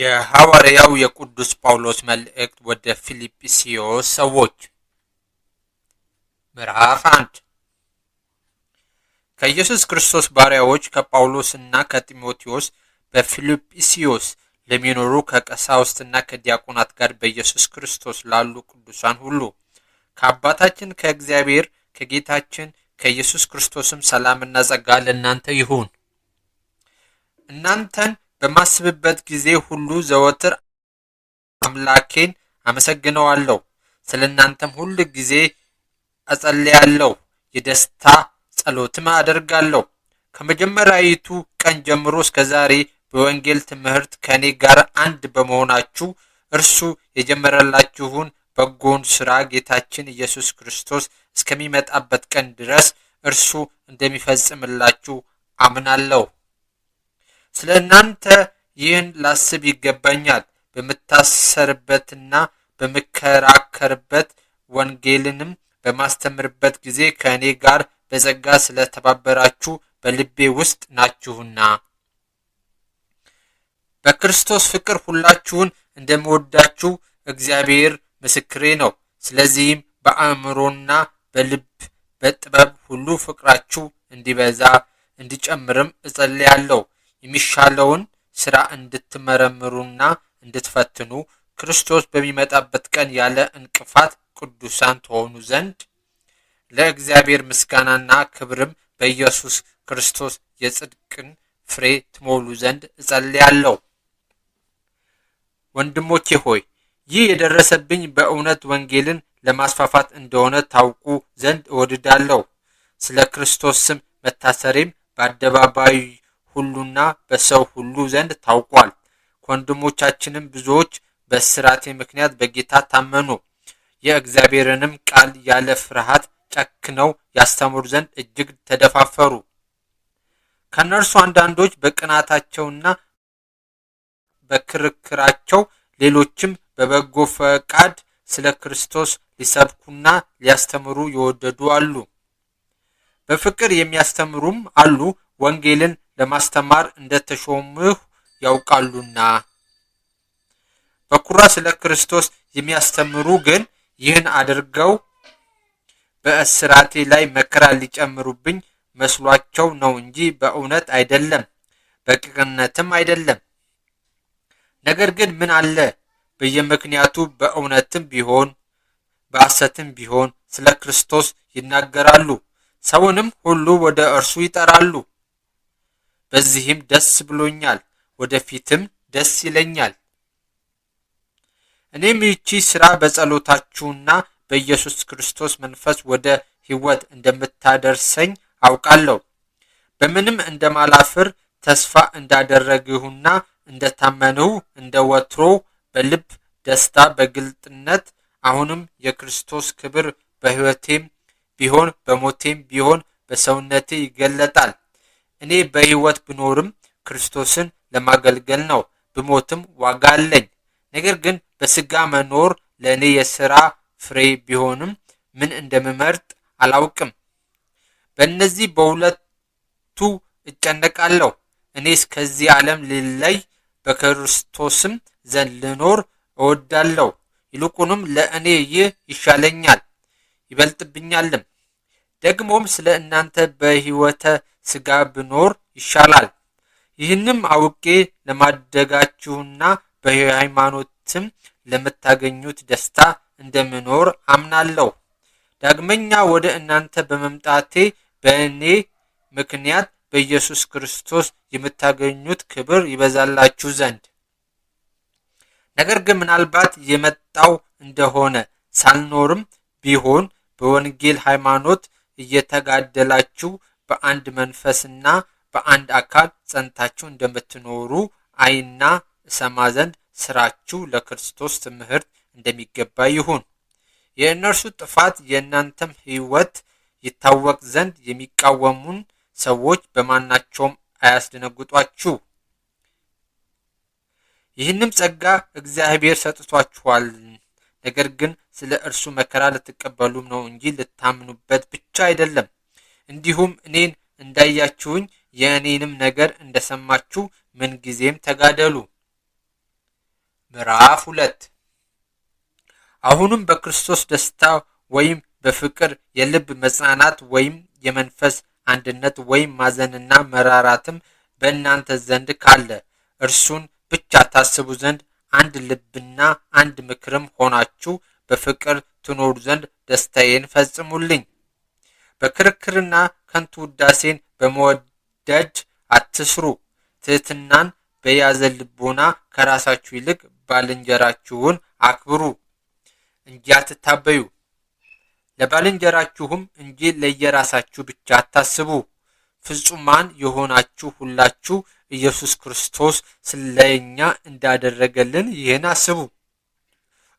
የሐዋርያው የቅዱስ ጳውሎስ መልእክት ወደ ፊልጵስዩስ ሰዎች ምዕራፍ አንድ ከኢየሱስ ክርስቶስ ባሪያዎች ከጳውሎስ እና ከጢሞቴዎስ በፊልጵስዩስ ለሚኖሩ ከቀሳውስትና ከዲያቆናት ጋር በኢየሱስ ክርስቶስ ላሉ ቅዱሳን ሁሉ ከአባታችን ከእግዚአብሔር ከጌታችን ከኢየሱስ ክርስቶስም ሰላምና ጸጋ ለእናንተ ይሁን። እናንተን በማስብበት ጊዜ ሁሉ ዘወትር አምላኬን አመሰግነዋለሁ። ስለ እናንተም ሁል ጊዜ እጸልያለሁ፣ የደስታ ጸሎትም አደርጋለሁ። ከመጀመሪያዊቱ ቀን ጀምሮ እስከ ዛሬ በወንጌል ትምህርት ከእኔ ጋር አንድ በመሆናችሁ እርሱ የጀመረላችሁን በጎን ስራ ጌታችን ኢየሱስ ክርስቶስ እስከሚመጣበት ቀን ድረስ እርሱ እንደሚፈጽምላችሁ አምናለሁ። ስለ እናንተ ይህን ላስብ ይገባኛል። በምታሰርበትና በምከራከርበት ወንጌልንም በማስተምርበት ጊዜ ከእኔ ጋር በጸጋ ስለተባበራችሁ በልቤ ውስጥ ናችሁና። በክርስቶስ ፍቅር ሁላችሁን እንደምወዳችሁ እግዚአብሔር ምስክሬ ነው። ስለዚህም በአእምሮና በልብ በጥበብ ሁሉ ፍቅራችሁ እንዲበዛ እንዲጨምርም እጸልያለሁ። የሚሻለውን ስራ እንድትመረምሩና እንድትፈትኑ ክርስቶስ በሚመጣበት ቀን ያለ እንቅፋት ቅዱሳን ትሆኑ ዘንድ ለእግዚአብሔር ምስጋናና ክብርም በኢየሱስ ክርስቶስ የጽድቅን ፍሬ ትሞሉ ዘንድ እጸልያለሁ። ወንድሞቼ ሆይ ይህ የደረሰብኝ በእውነት ወንጌልን ለማስፋፋት እንደሆነ ታውቁ ዘንድ እወድዳለሁ። ስለ ክርስቶስ ስም መታሰሬም በአደባባዩ ሁሉና በሰው ሁሉ ዘንድ ታውቋል። ከወንድሞቻችንም ብዙዎች በስራቴ ምክንያት በጌታ ታመኑ። የእግዚአብሔርንም ቃል ያለ ፍርሃት ጨክነው ያስተምሩ ዘንድ እጅግ ተደፋፈሩ። ከእነርሱ አንዳንዶች በቅናታቸውና በክርክራቸው፣ ሌሎችም በበጎ ፈቃድ ስለ ክርስቶስ ሊሰብኩና ሊያስተምሩ የወደዱ አሉ። በፍቅር የሚያስተምሩም አሉ። ወንጌልን ለማስተማር እንደተሾምሁ ያውቃሉና። በኩራት ስለ ክርስቶስ የሚያስተምሩ ግን ይህን አድርገው በእስራቴ ላይ መከራ ሊጨምሩብኝ መስሏቸው ነው እንጂ በእውነት አይደለም፣ በቅንነትም አይደለም። ነገር ግን ምን አለ በየምክንያቱ በእውነትም ቢሆን በሐሰትም ቢሆን ስለ ክርስቶስ ይናገራሉ፣ ሰውንም ሁሉ ወደ እርሱ ይጠራሉ። በዚህም ደስ ብሎኛል፣ ወደፊትም ደስ ይለኛል። እኔም ይቺ ስራ በጸሎታችሁና በኢየሱስ ክርስቶስ መንፈስ ወደ ሕይወት እንደምታደርሰኝ አውቃለሁ። በምንም እንደማላፍር ተስፋ እንዳደረግሁና እንደታመንሁ እንደ በልብ ደስታ በግልጥነት አሁንም የክርስቶስ ክብር በሕይወቴም ቢሆን በሞቴም ቢሆን በሰውነቴ ይገለጣል። እኔ በሕይወት ብኖርም ክርስቶስን ለማገልገል ነው፣ ብሞትም ዋጋ አለኝ። ነገር ግን በስጋ መኖር ለእኔ የሥራ ፍሬ ቢሆንም ምን እንደምመርጥ አላውቅም። በእነዚህ በሁለቱ እጨነቃለሁ። እኔ ከዚህ ዓለም ልለይ፣ በክርስቶስም ዘንድ ልኖር እወዳለሁ። ይልቁንም ለእኔ ይህ ይሻለኛል ይበልጥብኛልም። ደግሞም ስለ እናንተ በሕይወተ ስጋ ብኖር ይሻላል። ይህንም አውቄ ለማደጋችሁና በሃይማኖትም ለምታገኙት ደስታ እንደምኖር አምናለሁ። ዳግመኛ ወደ እናንተ በመምጣቴ በእኔ ምክንያት በኢየሱስ ክርስቶስ የምታገኙት ክብር ይበዛላችሁ ዘንድ ነገር ግን ምናልባት የመጣው እንደሆነ ሳልኖርም ቢሆን በወንጌል ሃይማኖት እየተጋደላችሁ በአንድ መንፈስና በአንድ አካል ጸንታችሁ እንደምትኖሩ አይና እሰማ ዘንድ ስራችሁ ለክርስቶስ ትምህርት እንደሚገባ ይሁን። የእነርሱ ጥፋት የእናንተም ሕይወት ይታወቅ ዘንድ የሚቃወሙን ሰዎች በማናቸውም አያስደነግጧችሁ። ይህንም ጸጋ እግዚአብሔር ሰጥቷችኋል። ነገር ግን ስለ እርሱ መከራ ልትቀበሉ ነው እንጂ ልታምኑበት ብቻ አይደለም። እንዲሁም እኔን እንዳያችሁኝ የእኔንም ነገር እንደሰማችሁ ምንጊዜም ተጋደሉ። ምዕራፍ ሁለት አሁንም በክርስቶስ ደስታ ወይም በፍቅር የልብ መጽናናት ወይም የመንፈስ አንድነት ወይም ማዘንና መራራትም በእናንተ ዘንድ ካለ እርሱን ብቻ ታስቡ ዘንድ አንድ ልብና አንድ ምክርም ሆናችሁ በፍቅር ትኖሩ ዘንድ ደስታዬን ፈጽሙልኝ። በክርክርና ከንቱ ውዳሴን በመወደድ አትስሩ። ትህትናን በያዘ ልቦና ከራሳችሁ ይልቅ ባልንጀራችሁን አክብሩ እንጂ አትታበዩ። ለባልንጀራችሁም እንጂ ለየራሳችሁ ብቻ አታስቡ። ፍጹማን የሆናችሁ ሁላችሁ ኢየሱስ ክርስቶስ ስለኛ እንዳደረገልን ይህን አስቡ።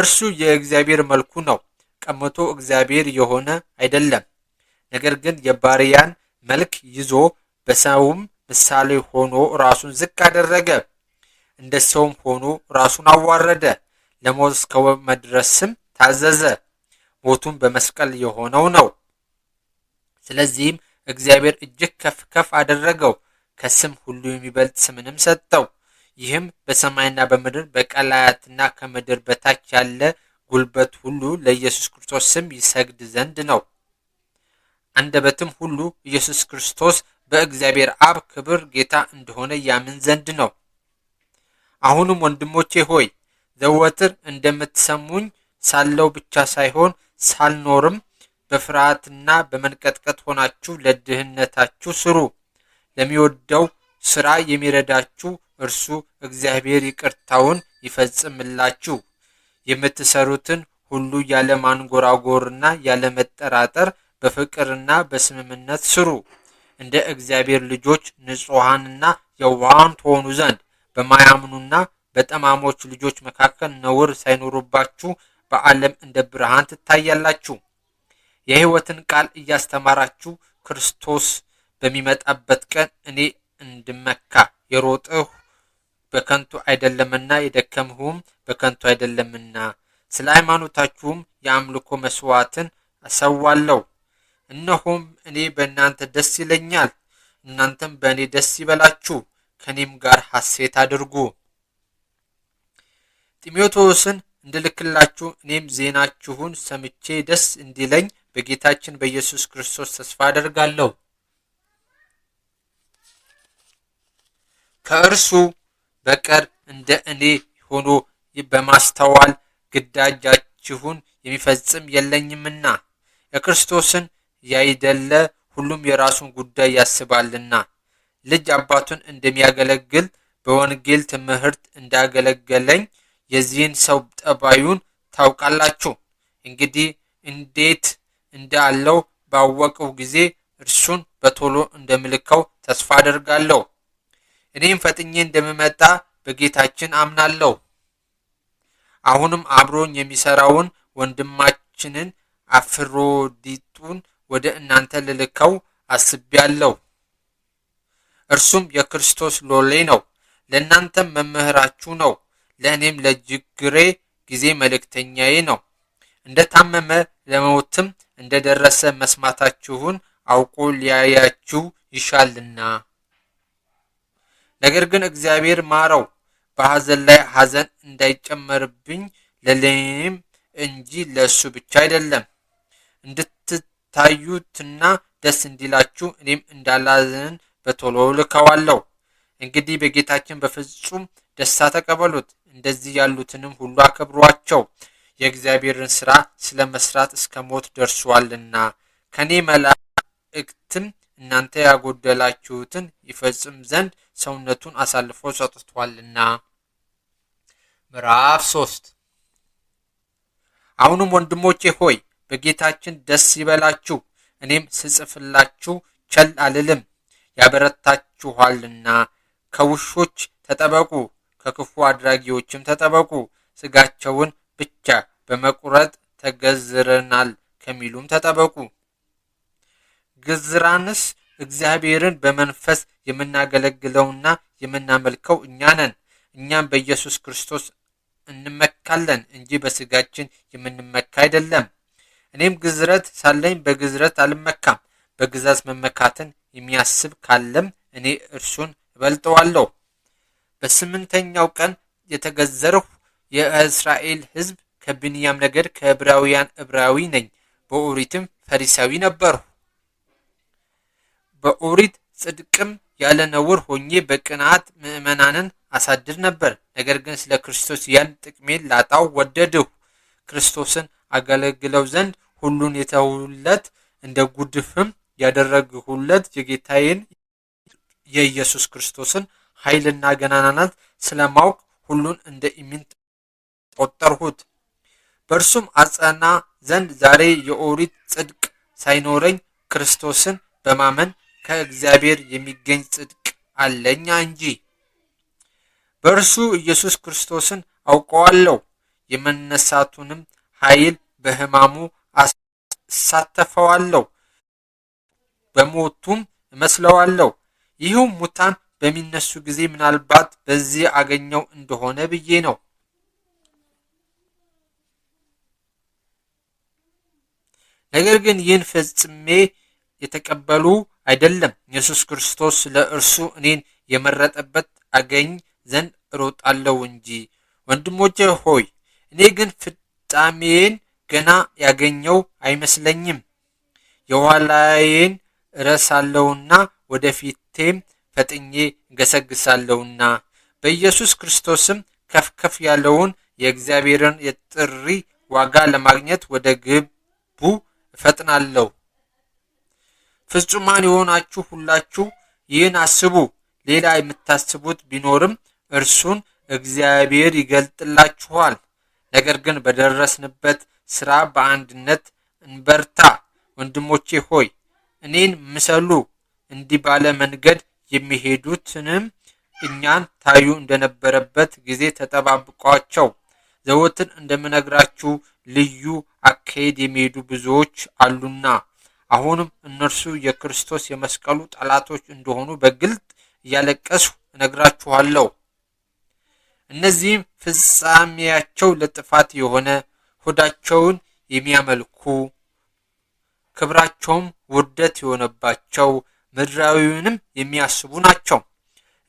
እርሱ የእግዚአብሔር መልኩ ነው። ቀምቶ እግዚአብሔር የሆነ አይደለም። ነገር ግን የባሪያን መልክ ይዞ በሰውም ምሳሌ ሆኖ ራሱን ዝቅ አደረገ፣ እንደ ሰውም ሆኖ ራሱን አዋረደ፣ ለሞት እስከ መድረስም ታዘዘ። ሞቱን በመስቀል የሆነው ነው። ስለዚህም እግዚአብሔር እጅግ ከፍ ከፍ አደረገው፣ ከስም ሁሉ የሚበልጥ ስምንም ሰጠው። ይህም በሰማይና በምድር በቀላያትና ከምድር በታች ያለ ጉልበት ሁሉ ለኢየሱስ ክርስቶስ ስም ይሰግድ ዘንድ ነው። አንደበትም ሁሉ ኢየሱስ ክርስቶስ በእግዚአብሔር አብ ክብር ጌታ እንደሆነ ያምን ዘንድ ነው። አሁንም ወንድሞቼ ሆይ ዘወትር እንደምትሰሙኝ ሳለው ብቻ ሳይሆን ሳልኖርም በፍርሃትና በመንቀጥቀጥ ሆናችሁ ለድህነታችሁ ስሩ። ለሚወደው ስራ የሚረዳችሁ እርሱ እግዚአብሔር ይቅርታውን ይፈጽምላችሁ። የምትሰሩትን ሁሉ ያለ ማንጎራጎርና ያለ መጠራጠር በፍቅርና በስምምነት ስሩ፣ እንደ እግዚአብሔር ልጆች ንጹሐንና የዋሃን ትሆኑ ዘንድ በማያምኑና በጠማሞች ልጆች መካከል ነውር ሳይኖሩባችሁ በዓለም እንደ ብርሃን ትታያላችሁ። የሕይወትን ቃል እያስተማራችሁ ክርስቶስ በሚመጣበት ቀን እኔ እንድመካ የሮጥሁ በከንቱ አይደለምና የደከምሁም በከንቱ አይደለምና ስለ ሃይማኖታችሁም የአምልኮ መስዋዕትን እሰዋለሁ። እነሆም እኔ በእናንተ ደስ ይለኛል፣ እናንተም በእኔ ደስ ይበላችሁ፣ ከእኔም ጋር ሐሴት አድርጉ። ጢሞቴዎስን እንድልክላችሁ እኔም ዜናችሁን ሰምቼ ደስ እንዲለኝ በጌታችን በኢየሱስ ክርስቶስ ተስፋ አደርጋለሁ። ከእርሱ በቀር እንደ እኔ ሆኖ በማስተዋል ግዳጃችሁን የሚፈጽም የለኝምና የክርስቶስን ያይደለ ሁሉም የራሱን ጉዳይ ያስባልና ልጅ አባቱን እንደሚያገለግል በወንጌል ትምህርት እንዳገለገለኝ የዚህን ሰው ጠባዩን ታውቃላችሁ። እንግዲህ እንዴት እንዳለው ባወቀው ጊዜ እርሱን በቶሎ እንደምልከው ተስፋ አደርጋለሁ። እኔም ፈጥኜ እንደምመጣ በጌታችን አምናለሁ። አሁንም አብሮኝ የሚሰራውን ወንድማችንን አፍሮዲጡን ወደ እናንተ ልልከው አስቤያለሁ። እርሱም የክርስቶስ ሎሌ ነው፣ ለእናንተም መምህራችሁ ነው፣ ለእኔም ለችግሬ ጊዜ መልእክተኛዬ ነው። እንደ ታመመ ለሞትም እንደ ደረሰ መስማታችሁን አውቆ ሊያያችሁ ይሻልና። ነገር ግን እግዚአብሔር ማረው፣ በሐዘን ላይ ሐዘን እንዳይጨመርብኝ ለሌኔም እንጂ ለእሱ ብቻ አይደለም እንድት ታዩትና ደስ እንዲላችሁ እኔም እንዳላዘን በቶሎ ልከዋለሁ። እንግዲህ በጌታችን በፍጹም ደስታ ተቀበሉት። እንደዚህ ያሉትንም ሁሉ አከብሯቸው። የእግዚአብሔርን ስራ ስለ መስራት እስከ ሞት ደርሷልና ከኔ መላእክትም እናንተ ያጎደላችሁትን ይፈጽም ዘንድ ሰውነቱን አሳልፎ ሰጥቷልና። ምዕራፍ ሶስት አሁንም ወንድሞቼ ሆይ በጌታችን ደስ ይበላችሁ፣ እኔም ስጽፍላችሁ ቸል አልልም፣ ያበረታችኋልና። ከውሾች ተጠበቁ፣ ከክፉ አድራጊዎችም ተጠበቁ። ስጋቸውን ብቻ በመቁረጥ ተገዝረናል ከሚሉም ተጠበቁ። ግዝራንስ እግዚአብሔርን በመንፈስ የምናገለግለውና የምናመልከው እኛ ነን። እኛም በኢየሱስ ክርስቶስ እንመካለን እንጂ በስጋችን የምንመካ አይደለም። እኔም ግዝረት ሳለኝ በግዝረት አልመካም። በግዛት መመካትን የሚያስብ ካለም እኔ እርሱን እበልጠዋለሁ። በስምንተኛው ቀን የተገዘርሁ የእስራኤል ሕዝብ ከብንያም ነገድ ከዕብራውያን ዕብራዊ ነኝ። በኦሪትም ፈሪሳዊ ነበርሁ። በኦሪት ጽድቅም ያለ ነውር ሆኜ በቅንዓት ምእመናንን አሳድር ነበር። ነገር ግን ስለ ክርስቶስ ያን ጥቅሜን ላጣው ወደድሁ። ክርስቶስን አገለግለው ዘንድ ሁሉን የተውለት እንደ ጉድፍም ያደረግሁለት የጌታዬን የኢየሱስ ክርስቶስን ኃይልና ገናናነት ስለማውቅ ሁሉን እንደ ኢምንት ቆጠርሁት። በእርሱም አጸና ዘንድ ዛሬ የኦሪት ጽድቅ ሳይኖረኝ ክርስቶስን በማመን ከእግዚአብሔር የሚገኝ ጽድቅ አለኛ እንጂ። በእርሱ ኢየሱስ ክርስቶስን አውቀዋለሁ፣ የመነሳቱንም ኃይል በሕማሙ አሳተፈዋለሁ፣ በሞቱም እመስለዋለሁ። ይህም ሙታን በሚነሱ ጊዜ ምናልባት በዚህ አገኘው እንደሆነ ብዬ ነው። ነገር ግን ይህን ፈጽሜ የተቀበሉ አይደለም። ኢየሱስ ክርስቶስ ለእርሱ እኔን የመረጠበት አገኝ ዘንድ እሮጣለሁ እንጂ። ወንድሞቼ ሆይ እኔ ግን ፍጣሜን ገና ያገኘው አይመስለኝም። የኋላዬን አለውና ወደፊቴም ፈጥኜ ገሰግሳለሁና በኢየሱስ ክርስቶስም ከፍከፍ ያለውን የእግዚአብሔርን የጥሪ ዋጋ ለማግኘት ወደ ግቡ እፈጥናለሁ። ፍጹማን የሆናችሁ ሁላችሁ ይህን አስቡ። ሌላ የምታስቡት ቢኖርም እርሱን እግዚአብሔር ይገልጥላችኋል። ነገር ግን በደረስንበት ስራ በአንድነት እንበርታ። ወንድሞቼ ሆይ እኔን ምሰሉ። እንዲህ ባለ መንገድ የሚሄዱትንም እኛን ታዩ እንደነበረበት ጊዜ ተጠባብቋቸው። ዘወትር እንደምነግራችሁ ልዩ አካሄድ የሚሄዱ ብዙዎች አሉና አሁንም እነርሱ የክርስቶስ የመስቀሉ ጠላቶች እንደሆኑ በግልጥ እያለቀስሁ እነግራችኋለሁ። እነዚህም ፍጻሜያቸው ለጥፋት የሆነ ሆዳቸውን የሚያመልኩ ክብራቸውም ውርደት የሆነባቸው ምድራዊውንም የሚያስቡ ናቸው።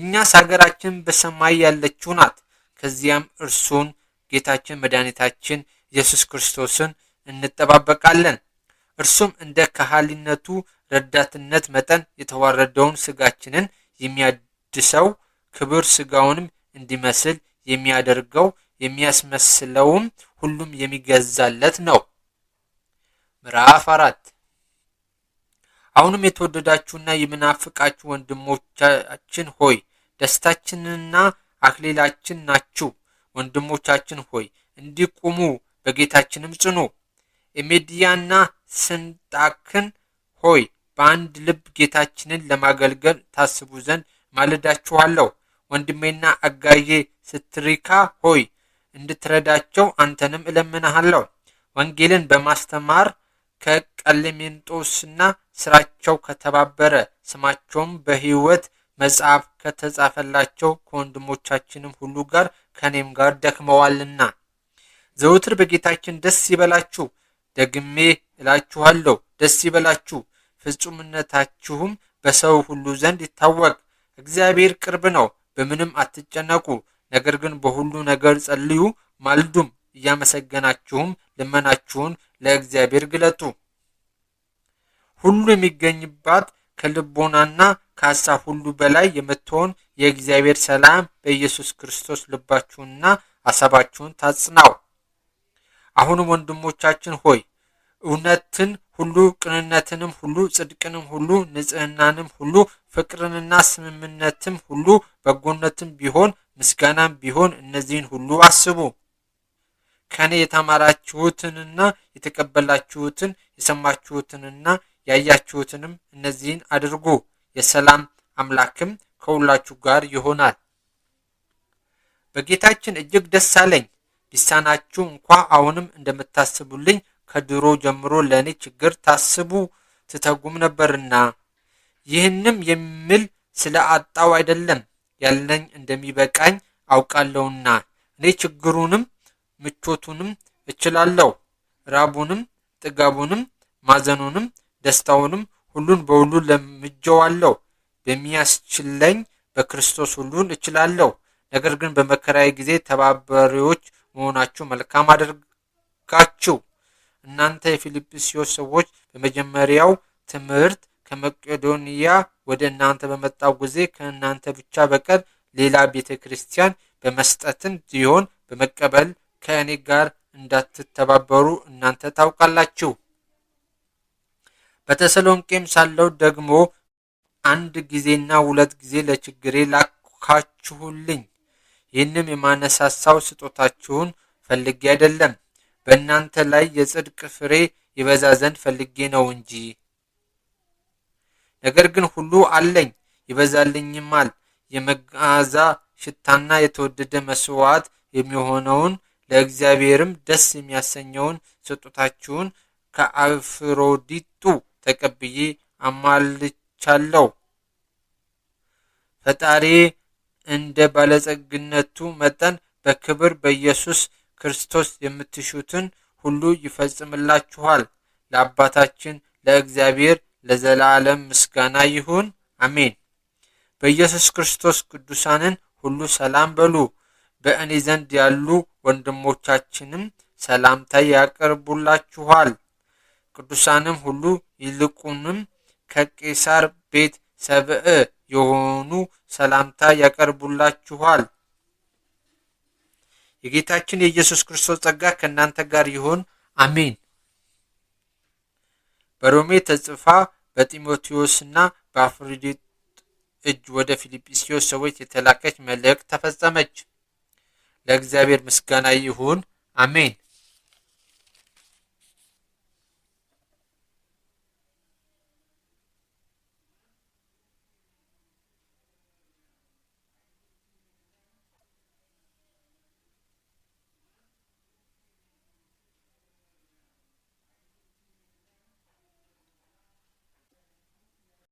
እኛስ ሀገራችን በሰማይ ያለችው ናት። ከዚያም እርሱን ጌታችን መድኃኒታችን ኢየሱስ ክርስቶስን እንጠባበቃለን። እርሱም እንደ ከሃሊነቱ ረዳትነት መጠን የተዋረደውን ስጋችንን የሚያድሰው ክብር ስጋውንም እንዲመስል የሚያደርገው የሚያስመስለውም ሁሉም የሚገዛለት ነው። ምዕራፍ አራት አሁንም የተወደዳችሁና የምናፍቃችሁ ወንድሞቻችን ሆይ ደስታችንና አክሊላችን ናችሁ። ወንድሞቻችን ሆይ እንዲቁሙ በጌታችንም ጽኑ። ኤሜዲያና ስንጣክን ሆይ በአንድ ልብ ጌታችንን ለማገልገል ታስቡ ዘንድ ማልዳችኋለሁ። ወንድሜና አጋዬ ስትሪካ ሆይ እንድትረዳቸው አንተንም እለምንሃለሁ። ወንጌልን በማስተማር ከቀሌሜንጦስና ስራቸው ከተባበረ ስማቸውም በሕይወት መጽሐፍ ከተጻፈላቸው ከወንድሞቻችንም ሁሉ ጋር ከኔም ጋር ደክመዋልና ዘውትር በጌታችን ደስ ይበላችሁ። ደግሜ እላችኋለሁ ደስ ይበላችሁ። ፍጹምነታችሁም በሰው ሁሉ ዘንድ ይታወቅ። እግዚአብሔር ቅርብ ነው። በምንም አትጨነቁ፣ ነገር ግን በሁሉ ነገር ጸልዩ፣ ማልዱም፣ እያመሰገናችሁም ልመናችሁን ለእግዚአብሔር ግለጡ። ሁሉ የሚገኝባት ከልቦናና ከሐሳብ ሁሉ በላይ የምትሆን የእግዚአብሔር ሰላም በኢየሱስ ክርስቶስ ልባችሁንና ሐሳባችሁን ታጽናው። አሁንም ወንድሞቻችን ሆይ እውነትን ሁሉ ቅንነትንም ሁሉ ጽድቅንም ሁሉ ንጽህናንም ሁሉ ፍቅርንና ስምምነትም ሁሉ በጎነትም ቢሆን ምስጋናም ቢሆን እነዚህን ሁሉ አስቡ። ከኔ የተማራችሁትንና የተቀበላችሁትን የሰማችሁትንና ያያችሁትንም እነዚህን አድርጉ፣ የሰላም አምላክም ከሁላችሁ ጋር ይሆናል። በጌታችን እጅግ ደስ አለኝ። ሊሳናችሁ እንኳ አሁንም እንደምታስቡልኝ ከድሮ ጀምሮ ለእኔ ችግር ታስቡ ትተጉም ነበርና ይህንም የሚል ስለ አጣው አይደለም ያለኝ እንደሚበቃኝ አውቃለሁና እኔ ችግሩንም ምቾቱንም እችላለሁ፣ ራቡንም ጥጋቡንም ማዘኑንም ደስታውንም ሁሉን በሁሉ ለምጀዋለሁ። በሚያስችለኝ በክርስቶስ ሁሉን እችላለሁ። ነገር ግን በመከራዊ ጊዜ ተባባሪዎች መሆናችሁ መልካም አድርጋችሁ እናንተ የፊልጵስዩስ ሰዎች በመጀመሪያው ትምህርት ከመቄዶንያ ወደ እናንተ በመጣው ጊዜ ከእናንተ ብቻ በቀር ሌላ ቤተ ክርስቲያን በመስጠትን ሲሆን በመቀበል ከእኔ ጋር እንዳትተባበሩ እናንተ ታውቃላችሁ። በተሰሎንቄም ሳለው ደግሞ አንድ ጊዜና ሁለት ጊዜ ለችግሬ ላካችሁልኝ። ይህንም የማነሳሳው ስጦታችሁን ፈልጌ አይደለም በእናንተ ላይ የጽድቅ ፍሬ ይበዛ ዘንድ ፈልጌ ነው እንጂ። ነገር ግን ሁሉ አለኝ ይበዛልኝማል። የመዓዛ ሽታና የተወደደ መስዋዕት የሚሆነውን ለእግዚአብሔርም ደስ የሚያሰኘውን ስጦታችሁን ከአፍሮዲጡ ተቀብዬ አማልቻለሁ። ፈጣሪ እንደ ባለጸግነቱ መጠን በክብር በኢየሱስ ክርስቶስ የምትሹትን ሁሉ ይፈጽምላችኋል። ለአባታችን ለእግዚአብሔር ለዘላለም ምስጋና ይሁን፣ አሜን። በኢየሱስ ክርስቶስ ቅዱሳንን ሁሉ ሰላም በሉ። በእኔ ዘንድ ያሉ ወንድሞቻችንም ሰላምታ ያቀርቡላችኋል። ቅዱሳንም ሁሉ ይልቁንም ከቄሳር ቤት ሰብእ የሆኑ ሰላምታ ያቀርቡላችኋል። የጌታችን የኢየሱስ ክርስቶስ ጸጋ ከእናንተ ጋር ይሁን፣ አሜን። በሮሜ ተጽፋ በጢሞቴዎስና በአፍሮዲጥ እጅ ወደ ፊልጵስዩስ ሰዎች የተላከች መልእክት ተፈጸመች። ለእግዚአብሔር ምስጋና ይሁን፣ አሜን።